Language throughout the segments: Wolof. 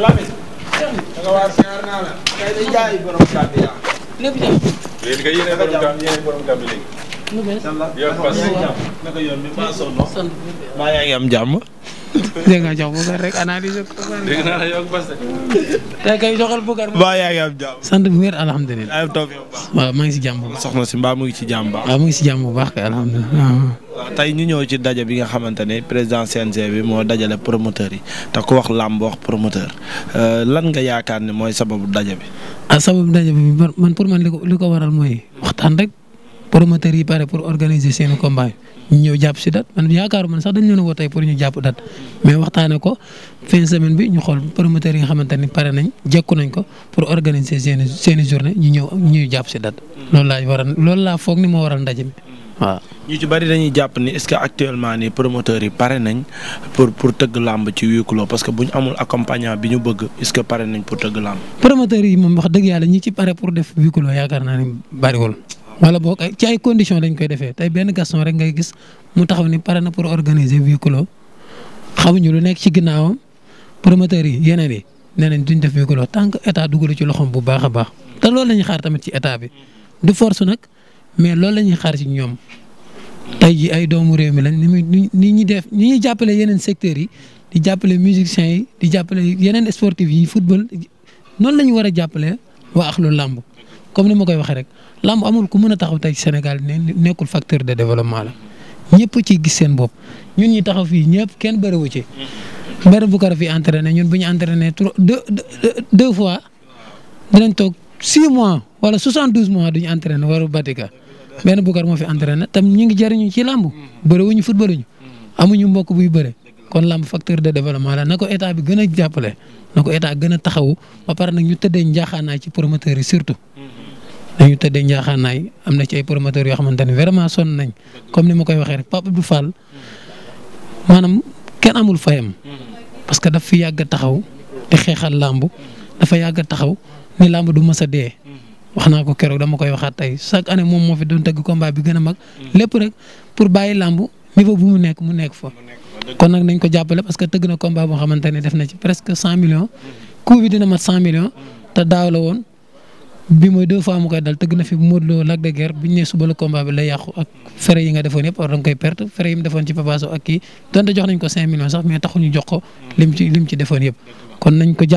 Lamine. da nga waar siyaar naa la. tey day jaay borom Gambia. kay yéen borom Gambia yéen borom Gambia léegi. nu bees. yow fas yow ngi am jàmm. dégg nga jox Boucar rek analyse ko. dégg naa la yow ak Basse. tey kay joxal Boucar. waaw yaa am jàmm. sant bu wér alhamdulilah. ay toog maa ngi si jàmm bu baax. soxna si mbaa mu ngi si jàmm mu ngi si jàmm bu baax alhamdulilah. tey ñu ñëw ci daje bi nga xamante ne président CNG bi moo dajale promoteur yi te ko wax làmb wax promoteur euh, lan nga yaakaar ne mooy sababu daje bi. ah sababu daje bi man pour man li ko li ko waral mooy waxtaan rek promoteur yi pare pour organiser seen i ñu ñëw jàpp si date man yaakaaruma ne sax dañ leen a woo tey pour ñu jàpp date mais waxtaanee ko fin semaine bi ñu xool promoteurs yi nga xamante ni ko pour organiser ñu ñëw ñu jàpp si date. loolu laa waral loolu ni moo waral ndaje mi waaw. ñu ci tëgg làmb ci huis parce que bu amul accompagnant bi ñu bëgg est-ce que pare nañ pour tëgg làmb. promoteurs yi moom wax dëgg yàlla ñi ci pare pour def huis yaakaar naa ni bariwul wala boog ay ci ay condition lañ koy defee tey benn Gaston rek ngay gis mu taxaw ni pare na pour organiser huis clos xamuñu lu nekk ci ginnaawam promoteurs yi yeneen yi nee nañ duñ def huis clos tant que état dugalu ci loxoom bu baax a baax te loolu la xaar tamit ci état bi du force nag mais loolu la ñuy xaar ci ñoom. tey ji ay doomu réew mi lañ ni muy ni ñuy def ni ñuy jàppale yeneen secteurs yi di jàppale musiciens yi di jàppale yeneen sportifs yi football noonu la ñu war a jàppale waa lu làmb comme ni ma koy waxee rek làmb amul ku mën a taxaw tey Sénégal ne nekkul facteur de développement la ñëpp ci gis seen bopp ñun ñi taxaw fii ñëpp kenn bëriwu ci. mbër bu ko fi entraîné ñun bu ñu entraîné trois deux deux fois dinañ toog six mois wala soixante douze mois duñu entraîné waru batika benn bukar moo fi entraîné tam ñu ngi jëriñu ci làmb bëre wuñu football ñu amuñu mbokk buy bëre kon làmb facteur de développement la na ko état bi gën a jàppale na ko état gën a taxawu ba pare nag ñu tëddee njaaxaanaay ci yi surtout dañu tëddee njaaxaanaay am na ci ay promoteurs yoo xamante ne vraiment nañ comme ni ma koy waxee rek Pape Abdou Fall maanaam kenn amul fayam parce que daf fi yàgg taxaw di xeexal làmb dafa yàgg taxaw ni làmb du mës a dee. wax naa ko keroog dama koy waxaat tey chaque année moom moo fi doon tëgg combat bi gën a mag lépp rek pour bàyyi làmb niveau bu mu nekk mu nekk fa. kon nag nañ ko jàppale parce que tëgg na combat boo xamante def na ci presque cent millions coût bi mooy deux fois mu koy dal tëgg na fi Modou Lo Lac de Guiers bu ñu nee suba la combat bi lay yàqu ak frais yi nga defoon yëpp war da nga koy perte frais yi mu defoon ci Papa ak kii donte jox nañ ko 5 millions sax mais taxuñu jox ko lim ci defoon yëpp. kon nañ koy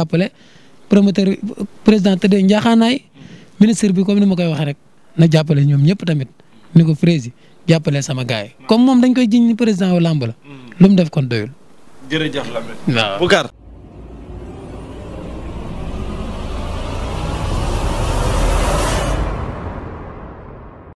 jàppale ñoom ñëpp tamit ni ko président jàppale sama gars yi moom dañ koy jiñ ni président wu làmb la lu def kon doyul. jërëjëf Lamine.